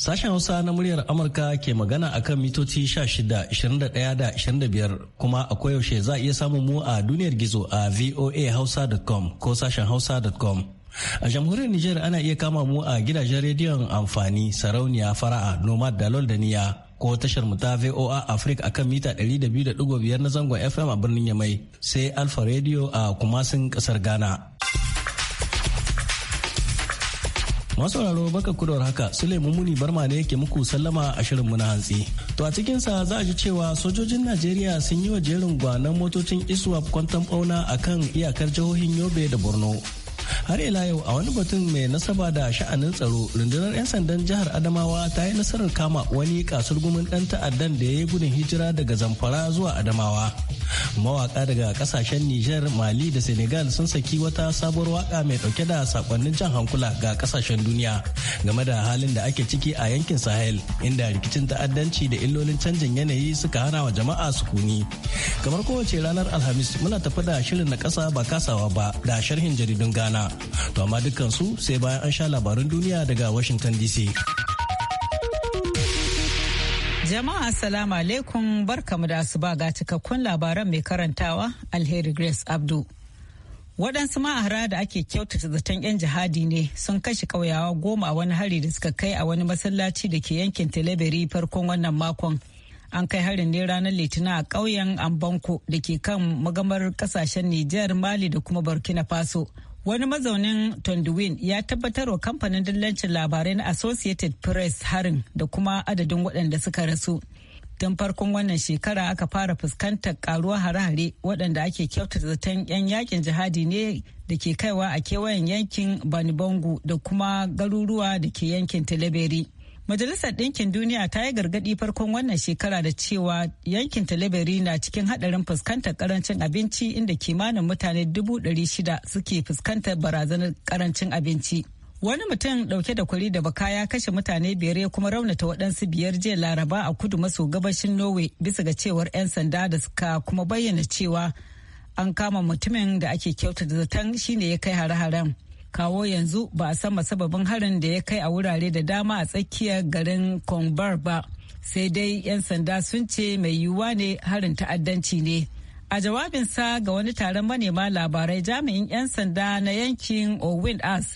Sashen Hausa na muryar Amurka ke magana a kan mitoci 16, 21 da 25 kuma a koyaushe za a iya samun mu a duniyar gizo a voahausa.com ko sashen hausa.com. A jamhuriyar Nijar ana iya kama mu a gidajen rediyon amfani sarauniya fara'a nomad da ko tashar mu ta VOA Africa akan mita 200.5 na zangon FM a birnin Yamai sai Alpha Radio a kumasin kasar Ghana. masu masauraro baka kudawar haka Suleiman Muni Barma ne yake muku sallama a shirin na hantsi. To a cikin sa za a ji cewa sojojin Najeriya sun yi wa jerin gwanan motocin ISWAP kwantan bauna akan iyakar jihohin Yobe da Borno. har ila yau a wani batun mai nasaba da sha'anin tsaro rundunar 'yan sandan jihar adamawa ta yi nasarar kama wani gumin dan ta'addan da ya yi gudun hijira daga zamfara zuwa adamawa mawaka daga kasashen niger mali da senegal sun saki wata sabuwar waka mai dauke da sakonnin jan hankula ga kasashen duniya game da halin da ake ciki a yankin sahel inda rikicin ta'addanci da illolin canjin yanayi suka hana wa jama'a sukuni kamar kowace ranar alhamis muna tafi da shirin na kasa ba kasawa ba da sharhin jaridun gana. Ghana. To amma dukkansu sai bayan an sha labarin duniya daga Washington DC. Jama'a Assalamu alaikum barkamu da asuba ga cikakkun labaran mai karantawa Alheri Grace Abdu. waɗansu ma'ahara da ake kyautata zaton 'yan jihadi ne sun kashe ƙauyawa goma a wani hari da suka kai a wani masallaci da ke yankin talabari farkon wannan makon an kai harin ne ranar litinin a ƙauyen ambanko da ke kan magamar ƙasashen nijar mali da kuma burkina faso wani mazaunin tondwin ya tabbatar wa kamfanin dillancin labarai na associated press harin da kuma adadin waɗanda suka rasu tun farkon wannan shekara aka fara fuskantar karuwar hare-hare waɗanda ake kyautata zaton 'yan yakin jihadi ne da ke kaiwa a kewayen yankin banibongo da kuma garuruwa da ke yankin talaberi Majalisar Ɗinkin Duniya ta yi gargaɗi farkon wannan shekara da cewa yankin Talabari na cikin haɗarin fuskantar karancin abinci inda kimanin mutane dubu ɗari shida suke fuskantar barazanar karancin abinci. Wani mutum ɗauke da kwari da baka ya kashe mutane biyar ya kuma raunata waɗansu biyar jiya Laraba a kudu maso gabashin Norway bisa ga cewar 'yan sanda da suka kuma bayyana cewa an kama mutumin da ake kyautata zaton shine ya kai hare-haren. kawo yanzu ba a san masababin harin da ya kai a wurare da dama a tsakiyar garin kongbar ba sai dai 'yan sanda sun ce mai yiwuwa ne harin ta'addanci ne a jawabinsa ga wani taron manema labarai jami'in 'yan sanda na yankin owin as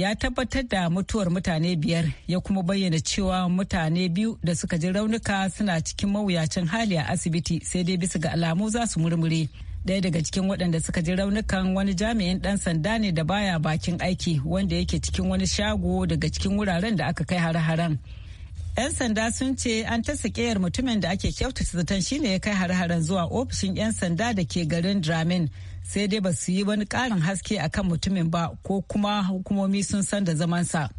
ya tabbatar da mutuwar mutane biyar ya kuma bayyana cewa mutane biyu da suka ji raunuka suna cikin mawuyacin hali a asibiti sai dai bisa ga alamu za su murmure daya daga cikin waɗanda suka ji raunukan wani jami'in ɗan sanda ne da baya bakin aiki wanda yake cikin wani shago daga cikin wuraren da aka kai hare-haren 'yan sanda sun ce an ta sakeyar mutumin da ake kyautata zaton shine ya kai hare-haren zuwa ofishin 'yan sanda da ke garin dramin sai dai ba su yi wani ƙarin haske akan mutumin ba ko kuma hukumomi sun san da zamansa.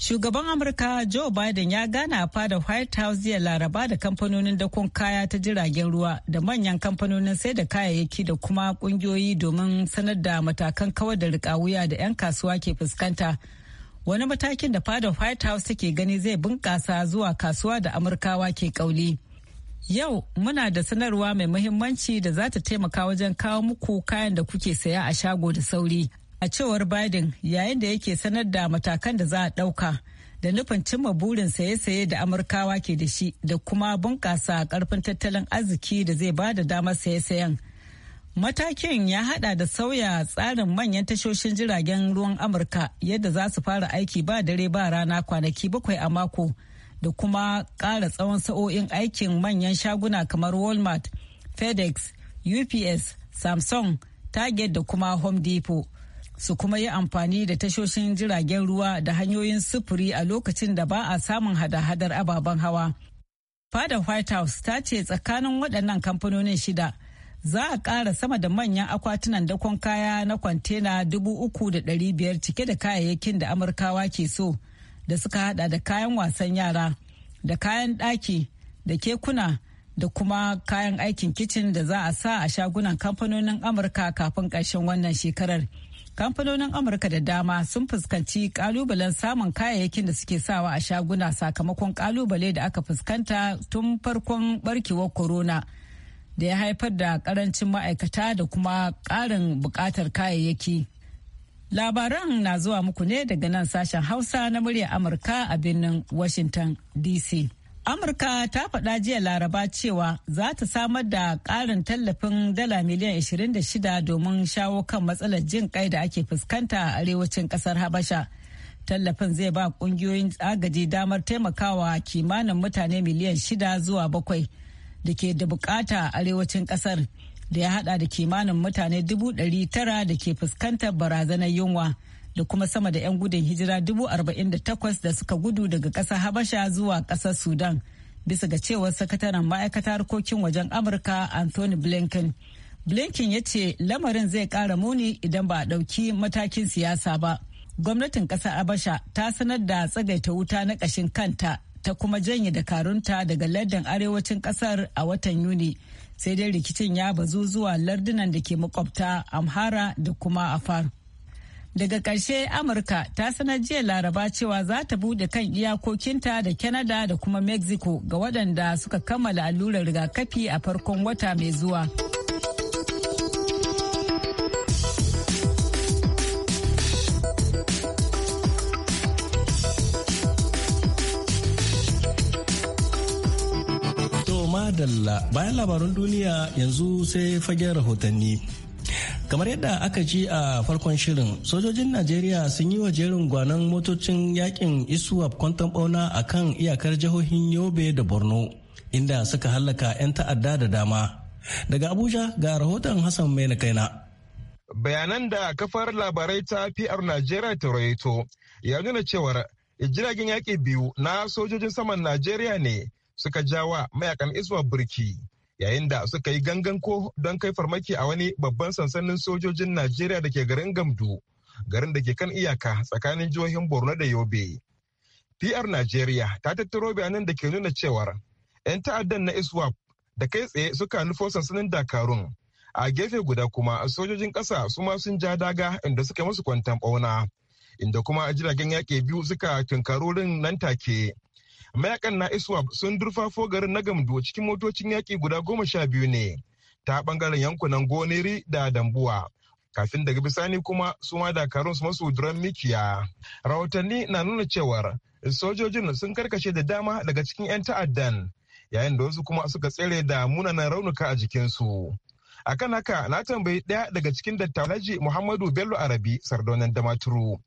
Shugaban Amurka Joe Biden ya gana a fada White House jiya Laraba da kamfanonin dakon kaya ta jiragen ruwa da manyan kamfanonin sai da kayayyaki da kuma kungiyoyi domin sanar da matakan kawar da rikawuya da 'yan kasuwa ke fuskanta. Wani matakin da fada White House take gani zai bunƙasa zuwa kasuwa da Amurkawa ke kauli. Yau muna da sanarwa mai muhimmanci da za ta taimaka wajen kawo muku kayan da kuke saya a shago da sauri. a cewar biden yayin da yake sanar da matakan da za a ɗauka da nufin cimma burin saye-saye da amurkawa ke da shi da kuma bunƙasa ƙarfin tattalin arziki da zai ba da damar saye-sayen matakin ya hada da sauya tsarin manyan tashoshin jiragen ruwan amurka yadda za su fara aiki ba dare ba rana kwanaki bakwai a mako da kuma ƙara tsawon sa'o'in aikin manyan shaguna kamar walmart fedex ups samsung target da kuma home depot su kuma yi amfani da tashoshin jiragen ruwa da hanyoyin sufuri a lokacin da ba a samun hada-hadar ababen hawa. Fada White House ta ce tsakanin waɗannan kamfanonin shida za a ƙara sama da manyan akwatunan dakon kaya na kwantena biyar cike da kayayyakin da Amurkawa ke so da suka hada da kayan wasan yara da kayan ɗaki da kekuna da kuma kayan aikin kicin da za a sa a shagunan kamfanonin Amurka kafin ƙarshen wannan shekarar. kamfanonin amurka da dama sun fuskanci kalubalen samun kayayyakin da suke sawa a shaguna sakamakon kalubale da aka fuskanta tun farkon barkewar corona da ya haifar da karancin ma'aikata da kuma karin bukatar kayayyaki labaran na zuwa muku ne daga nan sashen hausa na murya amurka a birnin washington dc Amurka ta faɗa jiya Laraba cewa za ta samar da ƙarin tallafin dala miliyan 26 domin shawo kan matsalar jin kai da ake fuskanta a arewacin ƙasar Habasha. Tallafin zai ba ƙungiyoyin agaji damar taimakawa kimanin mutane miliyan shida zuwa bakwai da ke da bukata a arewacin ƙasar da ya haɗa da kimanin mutane dubu ɗari tara da ke fuskantar barazanar yunwa. da kuma sama da 'yan gudun hijira dubu arba'in da takwas da suka gudu daga ƙasar habasha zuwa ƙasar sudan bisa ga cewar sakataren ma'aikatar harkokin wajen amurka anthony blinken blinken ya ce lamarin zai ƙara muni idan ba a ɗauki matakin siyasa ba gwamnatin ƙasar habasha ta sanar da tsagaita wuta na ƙashin kanta ta kuma janye dakarunta daga lardin arewacin ƙasar a watan yuni sai dai rikicin ya bazu zuwa lardunan da ke makwabta amhara da kuma afar daga ƙarshe amurka ta sanar jiya laraba cewa za ta bude kan iyakokinta da canada da kuma mexico ga waɗanda suka kammala allurar rigakafi a farkon wata mai zuwa Madalla bayan labaran duniya yanzu sai fagen rahotanni. kamar yadda aka ji a farkon shirin sojojin najeriya sun yi wa jerin gwanon motocin yakin iswa kwantan bauna a kan iyakar jihohin yobe da borno inda suka hallaka 'yan ta'adda da dama daga abuja ga rahoton hassan mai na kaina bayanan da kafar labarai ta pr najeriya ta ya nuna cewar jiragen yaƙi biyu na sojojin saman najeriya ne suka jawa mayakan isuwa birki yayin da suka yi gangan ko don kai farmaki a wani babban sansanin sojojin Najeriya da ke garin Gamdu, garin da ke kan iyaka tsakanin jihohin Borno da Yobe. PR Najeriya ta tattaro bayanan da ke nuna cewar 'yan ta'addan na ISWAP da kai tsaye suka nufo sansanin Dakarun. A gefe guda kuma sojojin ƙasa su ma sun ja daga inda suka musu kwantan ɓauna, inda kuma jiragen yaƙi biyu suka tunkarorin nan take. mayakan na iswap sun durfafo garin na gamdo cikin motocin yaƙi guda goma sha biyu ne ta ɓangaren yankunan goniri da dambuwa kafin daga bisani kuma su ma dakarun su masu duran mikiya rahotanni na nuna cewar sojojin sun karkashe da dama daga cikin 'yan ta'addan yayin da wasu kuma suka tsere da munanan raunuka a jikinsu akan haka na tambayi ɗaya daga cikin Alhaji muhammadu bello arabi sardaunan damaturu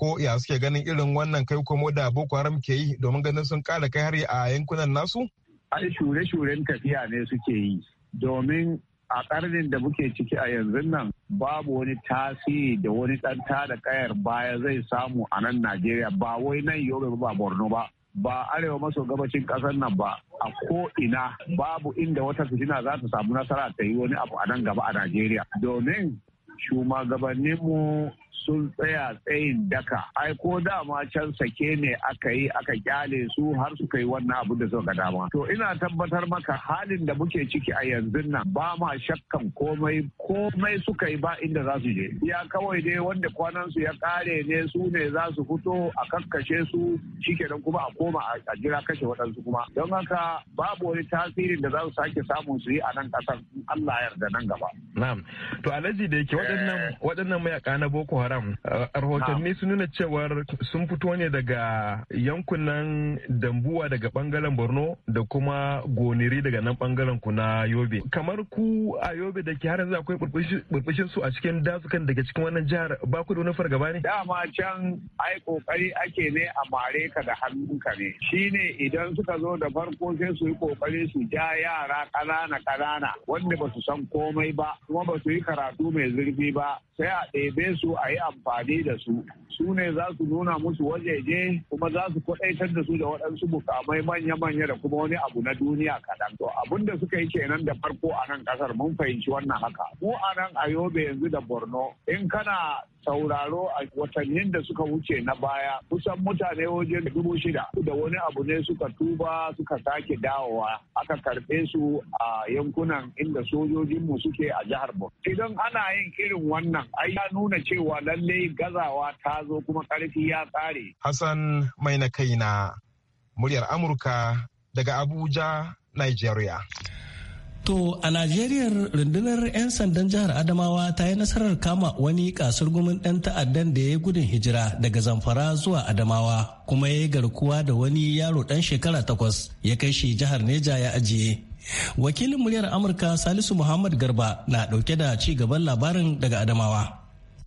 ko ya suke ganin irin wannan kai komo da boko haram ke yi domin ganin sun kara kai hari a yankunan nasu ai shure-shuren tafiya ne suke yi domin a karnin da muke ciki a yanzu nan babu wani tasiri da wani dan tada kayar baya zai samu a nan najeriya ba wai nan yobe ba borno ba ba arewa maso gabacin kasar nan ba a ko ina babu inda wata fitina za ta samu nasara ta yi wani abu a nan gaba a najeriya domin shugabanninmu sun tsaya tsayin daka ai ko dama can sake ne aka yi aka kyale su har suka yi wannan abu da suka dama to ina tabbatar maka halin da muke ciki a yanzu nan ba ma shakkan komai komai suka yi ba inda za su je ya kawai dai wanda kwanan su ya kare ne su ne za su fito a kakkashe su shikenan kuma a koma a jira kashe waɗansu kuma don haka babu wani tasirin da za su sake samun su yi a nan ƙasar Allah yarda nan gaba na'am to alaji da yake waɗannan eh. waɗannan mayaka na boko Haram. Ah. Ah, rahotanni sun nuna cewar sun fito ne daga yankunan Dambuwa daga bangaren Borno da kuma Goniri daga nan bangaren ku na Yobe. Kamar ku a Yobe da ke har yanzu akwai burbushin su a cikin dazukan daga cikin wannan jihar ba ku da wani fargaba ne? Dama can ai kokari ake ne a mare ka da hannun ka ne. Shine idan suka zo da farko sai su yi kokari su ja yara kanana kanana wanda ba su san komai ba kuma ba su yi karatu mai zurfi ba sai a ɗebe su a yi amfani da su su ne za su nuna musu wajeje kuma za su kwaɗaitar da su da waɗansu mukamai manya-manya da kuma wani abu na duniya kaɗan to abin da suka yi kenan da farko a nan ƙasar mun fahimci wannan haka mu a nan a yanzu da borno in kana sauraro a watannin da suka wuce na baya kusan mutane wajen dubu shida da wani abu ne suka tuba suka sake dawowa aka karɓe su a yankunan inda sojojinmu suke a jihar Borno. Idan ana yin irin wannan ai ya nuna cewa lalle gazawa ta zo kuma ƙarfi ya tsare. Hassan mai na kai na muryar Amurka daga Abuja, Nigeria. To a Najeriya rundunar 'yan sandan jihar Adamawa ta yi nasarar kama wani kasar gumin ɗan ta'addan da ya yi gudun hijira daga Zamfara zuwa Adamawa kuma ya yi garkuwa da wani yaro ɗan shekara takwas ya kai shi jihar Neja ya ajiye. Wakilin muryar Amurka Salisu Muhammad Garba na ɗauke da ci gaban labarin daga Adamawa.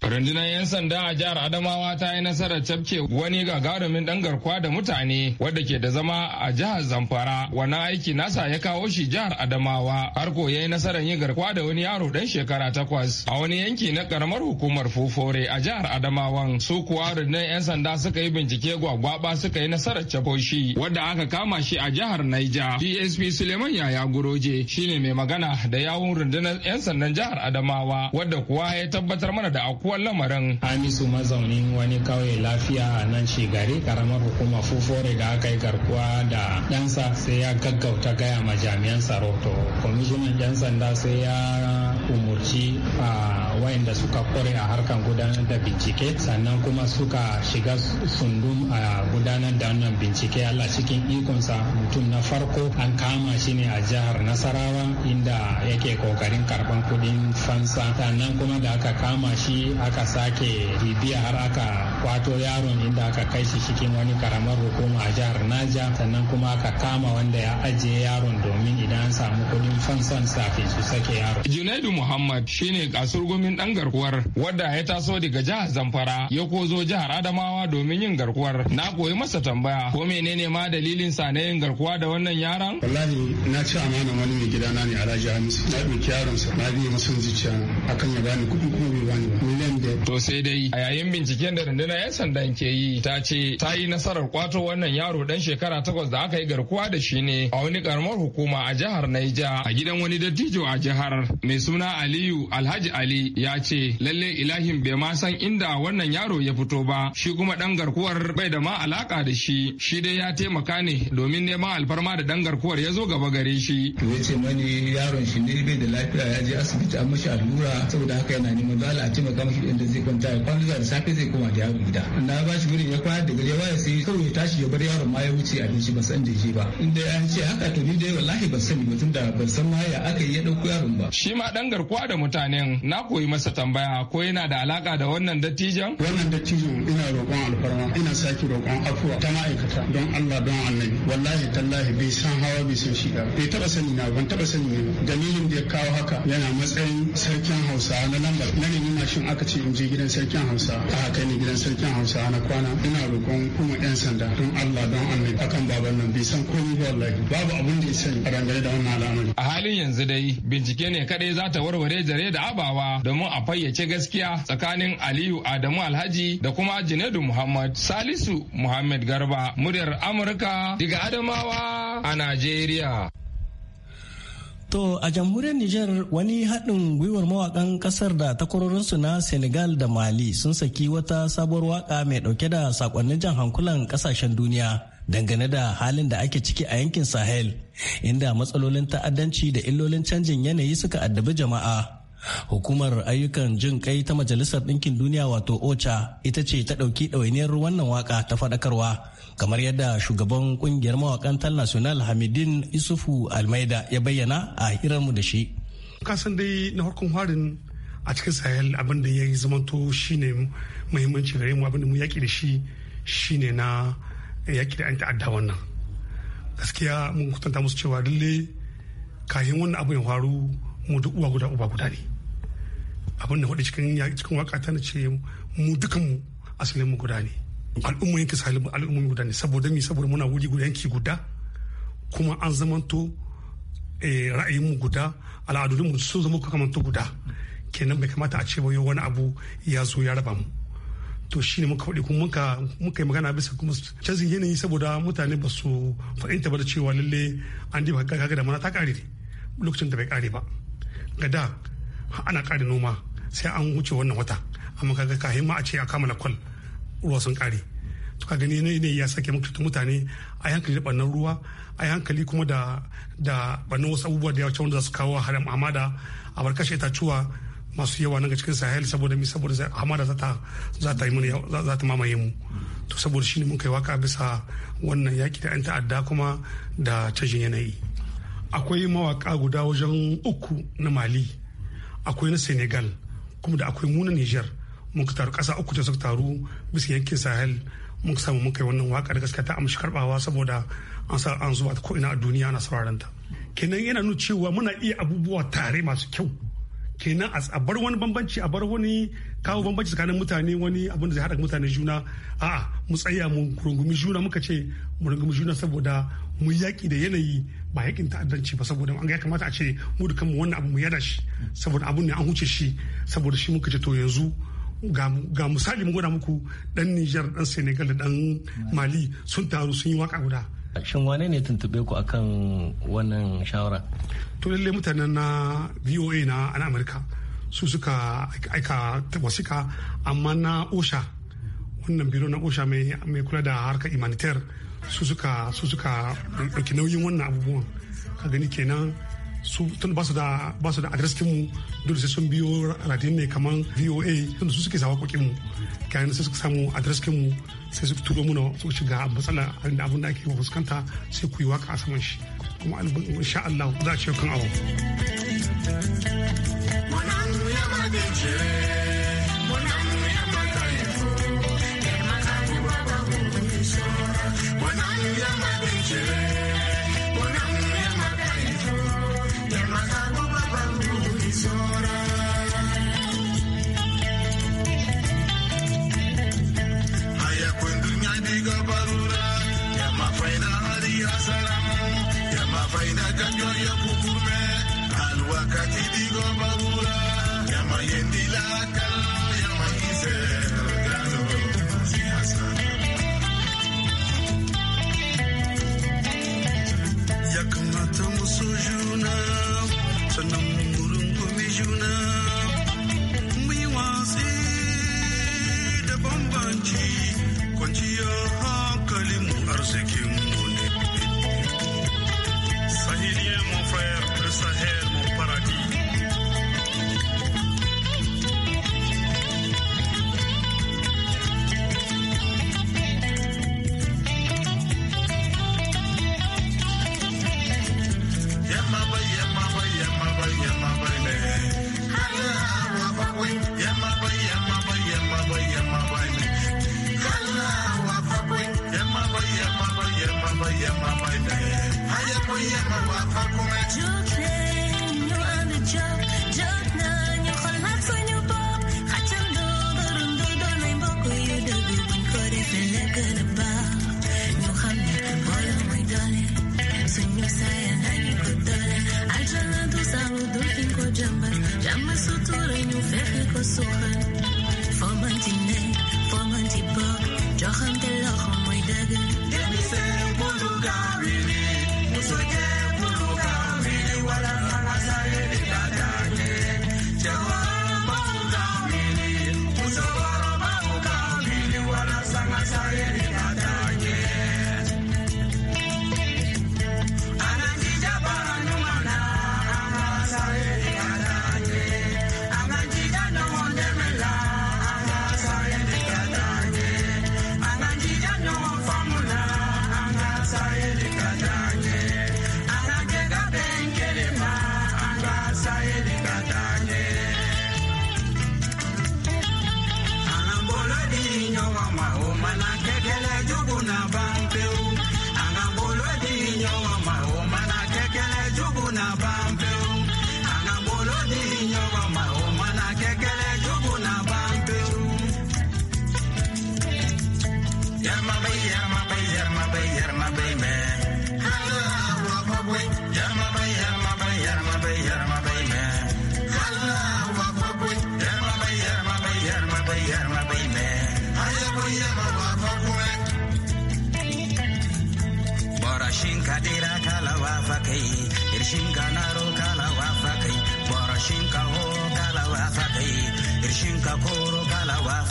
Rundunar 'yan sanda a jihar Adamawa ta yi nasarar cafke wani gagarumin dan garkuwa da mutane wadda ke da zama a jihar Zamfara. Wannan aiki nasa ya kawo shi jihar Adamawa. Harko ya yi nasarar yin garkuwa da wani yaro dan shekara takwas a wani yanki na karamar hukumar Fufore a jihar Adamawan. Su kuwa rundunar 'yan sanda suka yi bincike gwagwaba suka yi nasarar cafo shi wadda aka kama shi a jihar Naija. DSP Suleiman Yaya Guroje shine mai magana da yawun rundunar 'yan sandan jihar Adamawa wadda kuwa ya tabbatar mana da akuwa faruwar lamarin. Hamisu mazaunin wani kauye lafiya a nan shigari karamar hukuma fufore da aka yi garkuwa da ɗansa sai ya gaggauta gaya ma jami'an tsaro to kwamishinan 'yan sanda sai ya umurci a ah, wayanda suka kore a harkan gudanar da bincike sannan kuma suka shiga sundun a gudanar da wannan bincike Allah cikin ikonsa mutum na farko an kama shi ne a jihar Nasarawa inda yake kokarin karban kudin fansa sannan kuma da aka kama shi aka sake bibiya har aka kwato yaron inda aka kai shi cikin wani karamar hukuma a jihar Naja sannan kuma aka kama wanda ya ajiye yaron domin idan an samu kudin fansa safin su sake yaron. Junaidu Muhammad shine kasar gwamnati Alamin dan garkuwar wadda ya taso daga jihar Zamfara ya kozo jihar Adamawa domin yin garkuwar. Na koyi masa tambaya ko menene ma dalilin sa na yin garkuwa da wannan yaron? Wallahi na ci amana wani mai gidana ne Alhaji Hamisu. Na ɗauki yaron sa na biye masa zuciya akan ya bani kuɗi kuma bai bani ba. Miliyan biyar. To sai dai a yayin binciken da rundunar 'yan sandan ke yi ta ce ta yi nasarar kwato wannan yaro dan shekara takwas da aka yi garkuwa da shi ne a wani karamar hukuma a jihar Naija a gidan wani dattijo a jihar mai suna Aliyu Alhaji Ali ya ce lalle ilahin bai ma san inda wannan yaro ya fito ba shi kuma dan garkuwar bai da ma alaka da shi shi dai ya taimaka ne domin neman alfarma da dan garkuwar ya zo gaba gare shi. To Ya ce mani yaron shi ne bai da lafiya ya je asibiti an mashi allura saboda haka yana neman za a taimaka mashi inda zai kwanta ya kwana da safe zai koma da yaro gida. Na ba shi gurin ya kwana da gari ya sai kawai ya tashi ya bar yaron ma ya wuce abinci ba san da shi ba. Inda an ce haka to ni dai wallahi ban sani mutum da ban san ma ya aka yi ya dauko yaron ba. Shi ma dan garkuwa da mutanen na koyi yi masa tambaya ko yana da alaka da wannan dattijan? Wannan dattijan ina roƙon alfarma ina sake roƙon afuwa ta ma'aikata don Allah don annabi wallahi tallahi bai san hawa bai san shiga bai taba sani na ban taba sani ne dalilin da ya kawo haka yana matsayin sarkin Hausa na lambar na ne mashin aka ce in je gidan sarkin Hausa a haka ne gidan sarkin Hausa na kwana ina roƙon kuma yan sanda don Allah don annabi akan baban nan bai san komai ba wallahi babu abin da ya sani a dangane da wannan al'amari. A halin yanzu dai bincike ne kadai za ta warware jare da abawa mu a fayyace gaskiya tsakanin Aliyu Adamu Alhaji da kuma Junaidu Muhammad Salisu Muhammad Garba muryar Amurka daga Adamawa a Najeriya. To a jamhuriyar Nijar wani haɗin gwiwar mawakan ƙasar da takwarorinsu na Senegal da Mali sun saki wata sabuwar waƙa mai ɗauke da saƙonnin jan hankulan ƙasashen duniya dangane da halin da ake ciki a yankin Sahel, inda matsalolin ta'addanci da illolin canjin yanayi suka addabi jama'a. Hukumar ayyukan jin kai ta Majalisar Ɗinkin Duniya wato OCHA ita ce ta ɗauki ɗawainiyar wannan waka ta faɗakarwa kamar yadda shugaban kungiyar mawakan tal national Hamidin Isufu Almaida ya bayyana a hirarmu da shi. Kasan dai na harkon harin a cikin sahel abin da ya yi zamanto shine muhimmanci gare mu abin da mu yaƙi da shi shine na yaƙi da an ta'adda wannan gaskiya mun kutanta musu cewa lalle kayan wannan abin ya faru mu duk uwa guda uba guda ne abin da hudu cikin cikin waka tana ce mu dukanmu asalin mu guda ne al'umma yanki salibin al'umma guda ne saboda mi saboda muna wuri guda yanki guda kuma an zamanto eh, ra'ayin mu guda al'adun mu sun zama kamanto guda kenan bai kamata a ce ba wani abu ya zo ya raba mu to shi ne muka faɗi kuma muka muka yi magana bisa kuma canzin yanayi saboda mutane ba su fahimta ba da cewa lalle an diba kaga da mana ta ƙare lokacin da bai kare ba ga da ana kare noma sai an wuce wannan wata amma kaga kahin ma a ce a kammala kwal ruwa sun kare to ka gani ne ya sake mutane a hankali da bannan ruwa a hankali kuma da da bannan wasu abubuwa da yawa wanda za su kawo haram hamada a barkashe cuwa masu yawa nan ga cikin sahel saboda mi saboda hamada za ta za ta yi za ta mamaye mu to saboda shine mun kai waka bisa wannan yaki da yan ta'adda kuma da canjin yanayi akwai mawaka guda wajen uku na mali akwai na senegal kuma da akwai muna Nijar mun taru ƙasa uku ta suka taru bisa yankin Sahel mun samu mun kai wannan waka da gaskiya ta amshi karbawa saboda an sa an zuwa ko ina a duniya ana sauraron ta kenan yana nuna cewa muna iya abubuwa tare masu kyau kenan a bar wani bambanci a bar wani kawo bambanci tsakanin mutane wani abin da zai haɗa mutane juna a'a mu tsaya mu rungumi juna muka ce mu rungumi juna saboda mu yaƙi da yanayi ba yaƙin ta'addanci ba saboda an ga ya kamata a ce mu da kanmu wannan abu mu yada shi saboda abun ne an huce shi saboda shi muka ce to yanzu ga misali mu gwada muku dan Nijar dan Senegal da dan Mali sun taru sun yi waka guda shin wane ne tuntube ku akan wannan shawara to lalle mutanen na voa na an amurka su suka aika wasika amma na osha wannan biro na osha mai kula da harkar humanitarian su suka su suka ɗauki nauyin wannan abubuwan ka gani kenan su tun ba su da ba su da adres mu dole sai sun biyo radin ne kaman VOA tun su suke sawa kokin mu kayan sai suka samu adres mu sai su turo muna su shiga matsala harin da abun da ake fuskanta sai ku yi waka a saman shi kuma insha Allah za a ce kan abu. Yeah.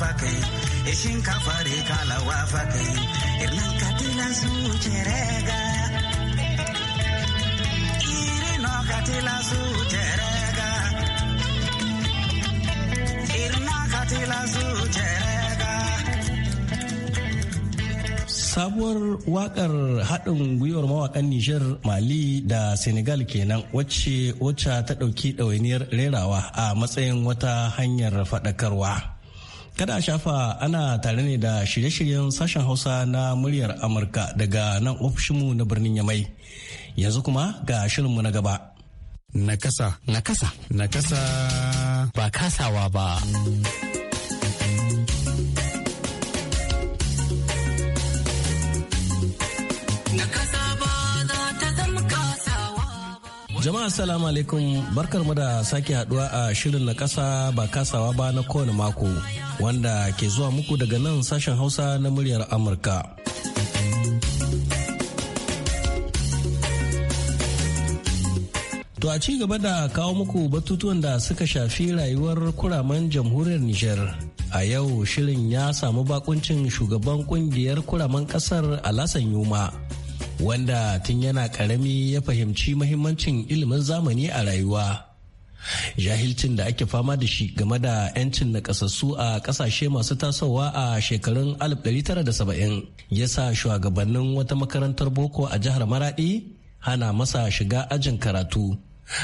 fakai e shinkafa re kalawa fakai irnan katila su cerega irino katila su cerega ka tila su cerega sabuwar wakar haɗin gwiwar mawakan Nijar Mali da Senegal kenan wacce wacce ta ɗauki ɗawainiyar rerawa a matsayin wata hanyar faɗakarwa. Kada shafa ana tare ne da shirye-shiryen sashen Hausa na muryar Amurka daga nan ofishinmu na birnin Yamai. Yanzu kuma ga shirinmu na gaba. Nakasa. Nakasa. Nakasa. Ba kasawa ba. Jama'a salamu alaikum barkar mu da sake haduwa a shirin na kasa ba kasawa ba na kowane mako wanda ke zuwa muku daga nan sashen hausa na muryar Amurka. To a ci gaba da kawo muku batutuwan da suka shafi rayuwar kuraman jamhuriyar Nijar. A yau shirin ya samu bakuncin shugaban kungiyar kuraman kasar Alasan Yuma wanda tun yana karami ya fahimci mahimmancin ilimin zamani a rayuwa jahilcin da ake fama da shi game da 'yancin nakasassu a kasashe masu tasowa a shekarun 1970 ya sa shugabannin wata makarantar boko a jihar maradi hana masa shiga ajin karatu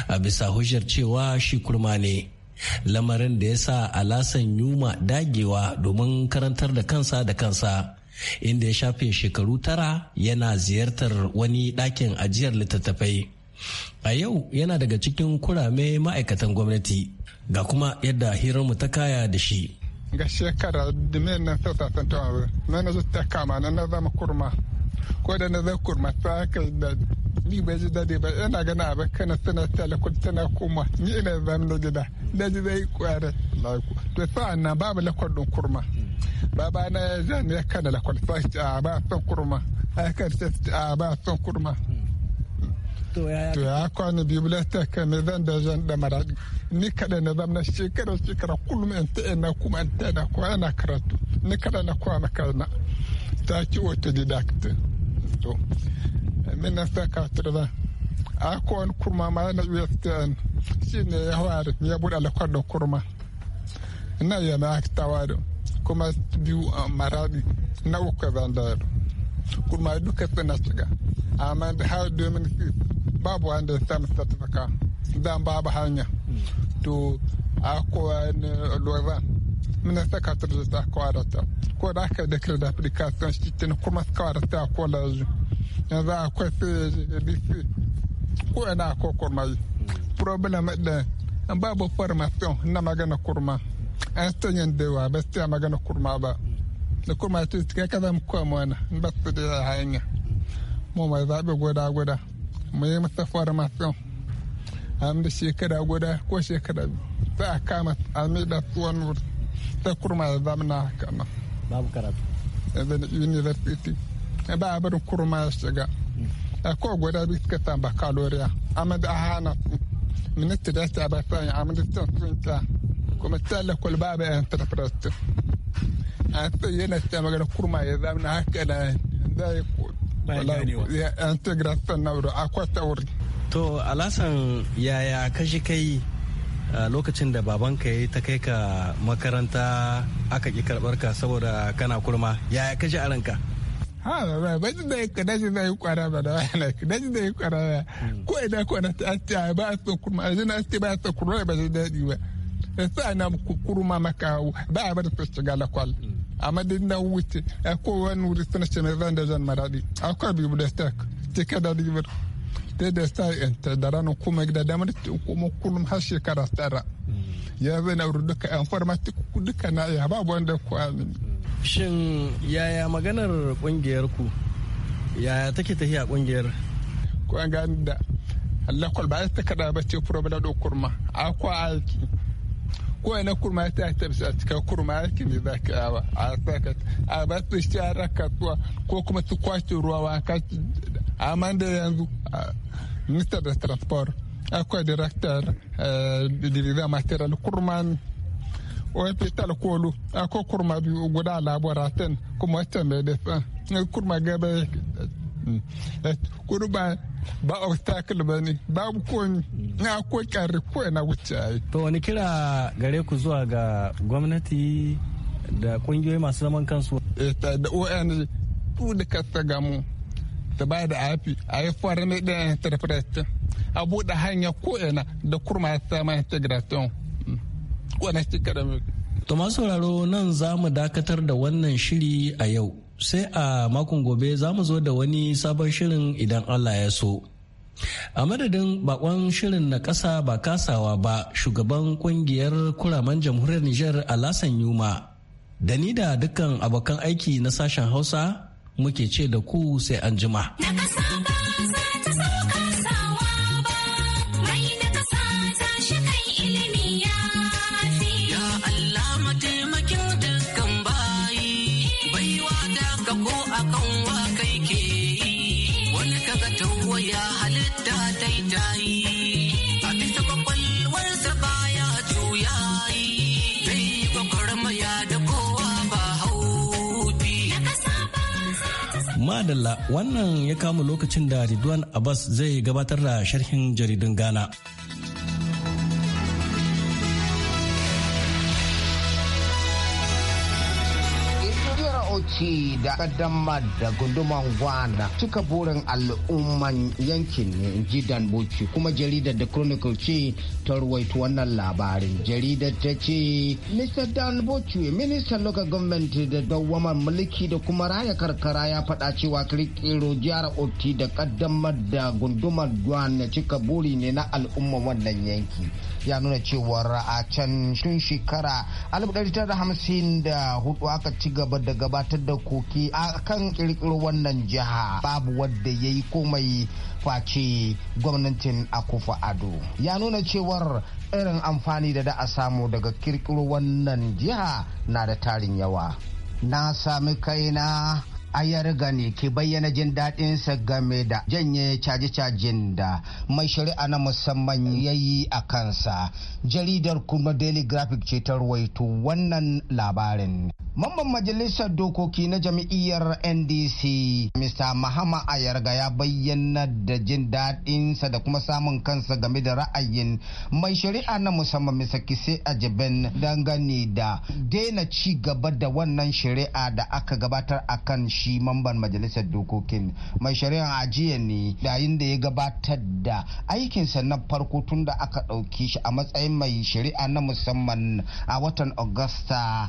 a bisa hujjar cewa shi kurma ne lamarin da ya sa alasan yuma dagewa domin karantar da kansa da kansa inda ya shafe shekaru tara yana ziyartar wani ɗakin ajiyar littattafai. A yau yana daga cikin kurame ma'aikatan gwamnati ga kuma yadda hirarmu ta kaya da shi. Ga shekara dimenan sautasan tawawa, na na zuta kama na na zama kurma, ko da na zai kurma ta haka da ni bai ji daɗi ba yana gana a na suna talakul tana kuma ni ina zama da gida, da ji zai kware. To sa'an na babu lakwar kurma. babana zan ya kana la kwalfa a ba son kurma a kan a ba son kurma to ya kwani bibliotek kan zan da zan da mara ni kada na na shekara shekara kullum in ta ina kuma in ta na kuma ana karatu ni kada na kwana kana ta ki autodidact to sa saka turba a kowane kurma ma yana ustn shi ne ya ware ya buɗe alakwar da kurma ina yana ta wado kuma biyu maradi na uku zandar kuma duka suna shiga amma da har domin babu wanda ya samu satifika zan babu hanya to a kowa ne lozan muna saka turjita kawarata ko da aka da da application shi kuma kawarata ko lazu yanzu akwai sai dc eh, ko ina akwai kurma problem ɗin babu formation na magana kurma asta yanda wa ba su magana kurma ba da kurma ta kai kaza mu kuma wani ba su da hanya mu mai zaɓe gwada gwada mu yi masa farmasiyon an da shekara guda ko shekara za a kama a maida su wani wuri ta kurma ya zama na haka nan babu karatu yanzu da university ba a barin kurma ya shiga a ko guda bi suka san bakaloriya amma da a hana su ministry da ta ba sanya amma da ta sun kuma tsalla kwalba ba yan fatafatastin a ta yana ta magana kurma ya na haka da zai an ta grafin na wuri akwai kwata wuri to alasan yaya kashi kai eh, lokacin da babanka ya ta kai ka makaranta aka ki karɓar ka saboda kana kurma yaya kashi a ranka ha ba ba da ka da da yi kwara ba da wani da da yi kwara hmm. ko ina ko na ta ba a so kurma a zina ba a so kurma ba zai daɗi ba sana kuruma maka ba a bar ta shiga lakwal mm. amma din na wuce ko wani wuri suna ce mai zan da zan maradi akwai bibliotek cike da libir ta da sa ta da ranar kuma da damar kuma kullum har shekara tsara mm. ya zai na duka yan farmati duka na ya babu wanda ku amin mm. shin yaya maganar kungiyar ku yaya take tafiya kungiyar kun ga da Allah kwalba ya ta kada ba ce fura da dokurma akwa aiki ko ina kurma ta ta bisa a cikin kurma yake ne za ka yawa a sakat ba su shi ko kuma su kwace ruwa wa ka yanzu mista da transport e, akwai director divisa material kurma ne hospital kolo akwai kurma biyu guda laboratin kuma wacce mai da kurma gaba ya ba obstacle ba ne babu komi na akwai kare ko na wuce ai to wani kira gare ku zuwa ga gwamnati da kungiyoyi masu zaman kansu eh, da ONG su da kasa gamu ta ba da afi a yi fara farin da interpretation a buɗe hanya ko ina da kurma ya sama integration wani shi kada to masu sauraro nan za mu dakatar da wannan shiri a yau sai a makon gobe za mu zo da wani sabon shirin idan Allah ya so. A madadin bakon shirin na ƙasa ba kasawa ba shugaban kungiyar kuraman jamhuriyar Nijar Alasan Yuma. Da ni da dukkan abokan aiki na sashen Hausa muke ce da ku sai an jima. Adalla wannan ya kama lokacin da Ridwan Abbas zai gabatar da sharhin jaridun Ghana. da kaddama da gunduman gwana cika burin al'umman yankin ne ji dan kuma jaridar da chronicle ce ta ruwaito wannan labarin jaridar ta ce mr dan bochi ministan local government da dawamar mulki da kuma raya karkara ya faɗa cewa kirkiro jihar oti da kaddamar da gundumar gwana cika buri ne na al'umman wannan yanki ya nuna cewar a can tun shekara hamsin da 1954 aka ci gaba da gabatar da koke a kan kirkiro wannan jiha babu wadda ya yi komai face gwamnatin akufa ado ya nuna cewar irin amfani da da a samu daga kirkiro wannan jiha na da tarin yawa na sami kaina gani ke bayyana jin daɗinsa game da janye caje-cajen da mai shari'a na musamman ya yi a kansa jaridar kuma daily graphic ce ta ruwaito wannan labarin Mamban majalisar dokoki na jam'iyyar NDC, Mr. Mahama Ayarga ya bayyana da jin daɗinsa da kuma samun kansa game da ra'ayin mai shari'a na musamman Mr. Kise jibin dangane da daina ci gaba da wannan shari'a da aka gabatar a kan shi mamban majalisar dokokin. Mai shari'a ajiya ne yayin da ya gabatar da aikinsa na farko tun da aka ɗauki shi a matsayin mai shari'a na musamman a watan Agusta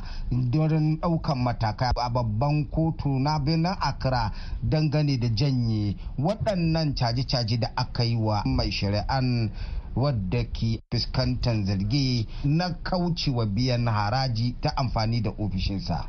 daukan matakai a babban kotu na birnin Accra dangane da janye waɗannan caje-caje da aka yi wa mai shari'an wadda ke fuskantar zargi na kaucewa biyan haraji ta amfani da ofishinsa.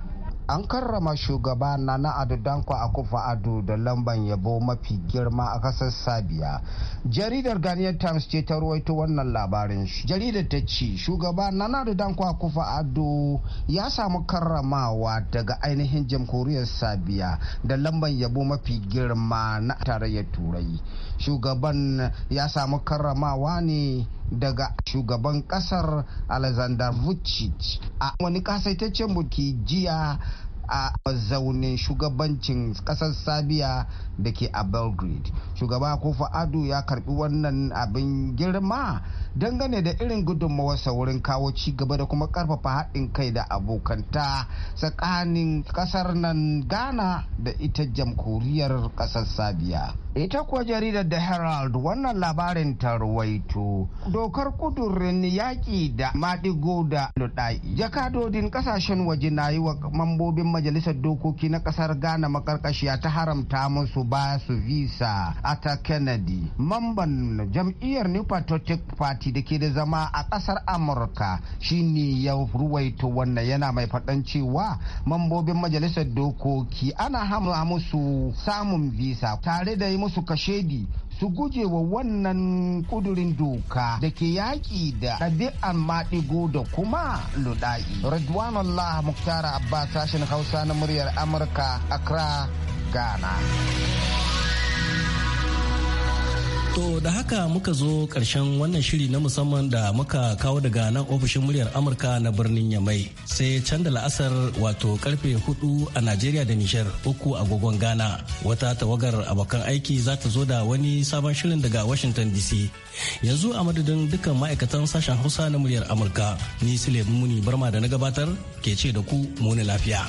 an karrama shugaba nana adu danko kufa ado da lamban yabo mafi girma a kasar sabiya jaridar ghanaian times ce ta ruwaito wannan labarin jaridar ta ce shugaba nana adu danko kufa ado ya samu karramawa daga ainihin jamhuriyar sabiya da lamban yabo mafi girma na tarayyar turai shugaban ya samu karramawa ne daga shugaban kasar alexander vucic a wani kasaitaccen buki jiya a mazaunin shugabancin kasar sabiya da ke a belgrade shugaba kofa ado ya karbi wannan abin girma dangane da irin gudunmawarsa saurin kawo ci gaba da kuma karfafa haɗin kai da abokanta tsakanin ƙasar nan ghana da ita jamhuriyar ƙasar sabiya ita kuwa jaridar da herald wannan labarin ta ruwaito dokar kudurin yaƙi da maɗigo da luɗaɗi jakadodin ƙasashen waje na yi wa mambobin majalisar dokoki na ƙasar ghana makarƙashiya ta haramta musu ba su visa ata kennedy mamban jam'iyyar new patriotic party party da ke da zama a kasar amurka shine ya ruwaito wannan yana mai faɗan cewa mambobin majalisar dokoki ana hama musu samun visa tare da yi musu kashedi su guje wa wannan kudurin doka da ke yaƙi da ɗabi'an maɗigo da kuma luɗa'i. Allah muktara abba sashen Hausa na muryar Amurka, Accra, Ghana. To da haka muka zo ƙarshen wannan shiri na musamman da muka kawo daga nan ofishin muryar Amurka na birnin Yamai sai can da la'asar wato karfe hudu a Najeriya da Nishar uku a agogon Ghana wata tawagar abokan aiki za ta zo da wani sabon shirin daga Washington DC. Yanzu a madadin dukkan ma'aikatan sashen Hausa na muryar Amurka ni Sule Muni Barma da na gabatar ke ce da ku muni lafiya.